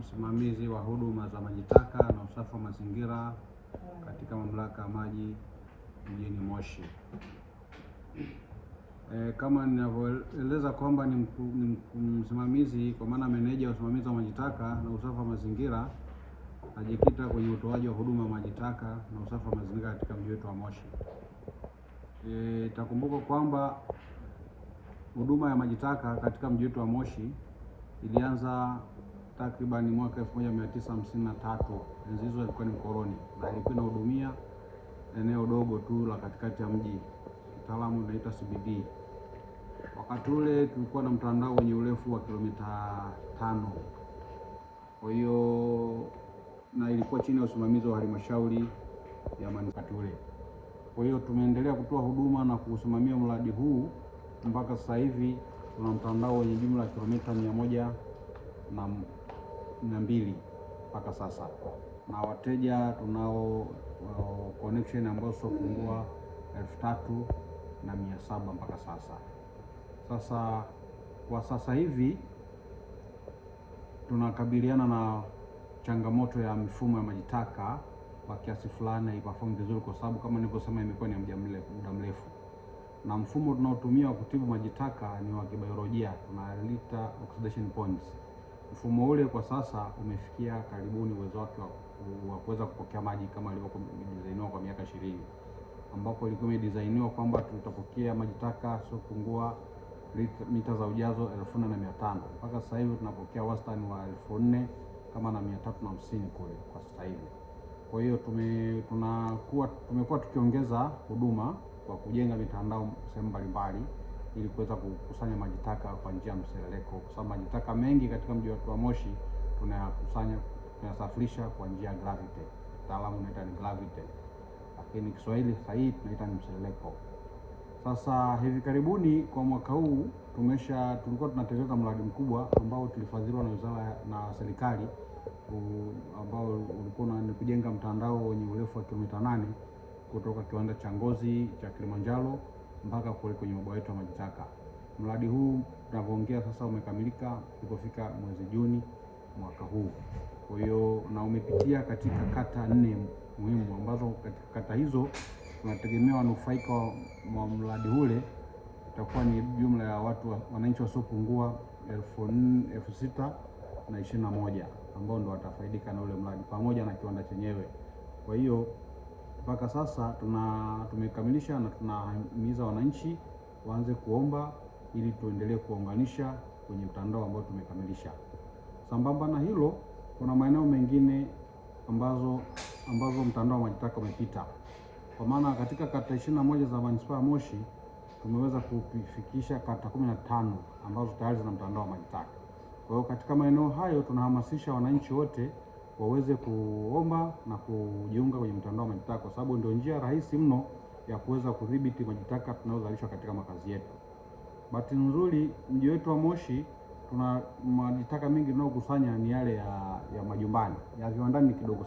msimamizi wa huduma za maji taka na usafi wa mazingira katika mamlaka ya maji mjini Moshi. E, kama ninavyoeleza kwamba ni, ni msimamizi kwa maana meneja wa usimamizi wa maji taka na usafi wa mazingira najikita kwenye utoaji wa huduma ya maji taka na usafi wa mazingira katika mji wetu wa Moshi. Itakumbuka e, kwamba huduma ya maji taka katika mji wetu wa Moshi ilianza takriban mwaka 1953 enzi hizo ilikuwa ni mkoloni, na ilikuwa inahudumia eneo dogo tu la katikati ya mji, kitaalamu inaitwa CBD. Wakati ule tulikuwa na mtandao wenye urefu wa kilomita tano, kwa hiyo na ilikuwa chini ya usimamizi wa halmashauri ya manispaa ule. Kwa hiyo tumeendelea kutoa huduma na kusimamia mradi huu mpaka sasa hivi tuna mtandao wenye jumla ya kilomita mia moja na na mbili mpaka sasa, na wateja tunao uh, connection ambayo siopungua elfu tatu na mia saba mpaka sasa. Sasa kwa sasa hivi tunakabiliana na changamoto ya mifumo ya maji taka kwa kiasi fulani haiperform vizuri, kwa sababu kama nilivyosema, imekuwa ni muda mrefu, na mfumo tunaotumia wa kutibu maji taka ni wa kibiolojia, tunaita oxidation points mfumo ule kwa sasa umefikia karibuni uwezo wake wa kuweza kupokea maji kama ilivyokuwa imedisainiwa kwa miaka ishirini ambapo ilikuwa imedisainiwa kwamba tutapokea maji taka siopungua mita za ujazo elfu nne na mia tano mpaka sasa hivi tunapokea wastani wa elfu nne kama na mia tatu na hamsini kule kwa sasa hivi. Kwa hiyo tume, tunakuwa tumekuwa tukiongeza huduma kwa kujenga mitandao sehemu mbalimbali ili kuweza kukusanya maji taka kwa njia ya mseleleko, kwa sababu maji taka mengi katika mji wetu wa Moshi tunayakusanya, tunayasafirisha kwa njia ya gravity, mtaalamu unaita ni gravity, lakini Kiswahili sahihi tunaita ni mseleleko. Sasa hivi karibuni kwa mwaka huu tumesha tulikuwa tunatekeleza mradi mkubwa ambao tulifadhiliwa na wizara na serikali ambao ulikuwa ni kujenga mtandao wenye urefu wa kilomita nane kutoka kiwanda cha ngozi cha Kilimanjaro mpaka kule kwenye mabwawa yetu ya maji taka. Mradi huu tunavyoongea sasa umekamilika ulipofika mwezi Juni mwaka huu. Kwa hiyo na umepitia katika kata nne muhimu ambazo katika kata hizo tunategemea wanufaika wa mradi ule itakuwa ni jumla ya watu wananchi wasiopungua elfu sita na ishirini na moja ambao ndo watafaidika na ule mradi pamoja na kiwanda chenyewe. Kwa hiyo mpaka sasa tuna tumekamilisha na tunahimiza wananchi waanze kuomba ili tuendelee kuwaunganisha kwenye mtandao ambao tumekamilisha. Sambamba na hilo, kuna maeneo mengine ambazo ambazo mtandao wa taka umepita, kwa maana katika kata ishirini na moja za manispaa ya Moshi tumeweza kufikisha kata kumi na tano ambazo tayari zina mtandao wa taka Kwa hiyo katika maeneo hayo tunahamasisha wananchi wote waweze kuomba na kujiunga kwenye mtandao wa majitaka, kwa sababu ndio njia rahisi mno ya kuweza kudhibiti majitaka tunayozalishwa katika makazi yetu. Bahati nzuri mji wetu wa Moshi tuna majitaka mengi tunayokusanya ni yale ya, ya majumbani, ya viwandani kidogo.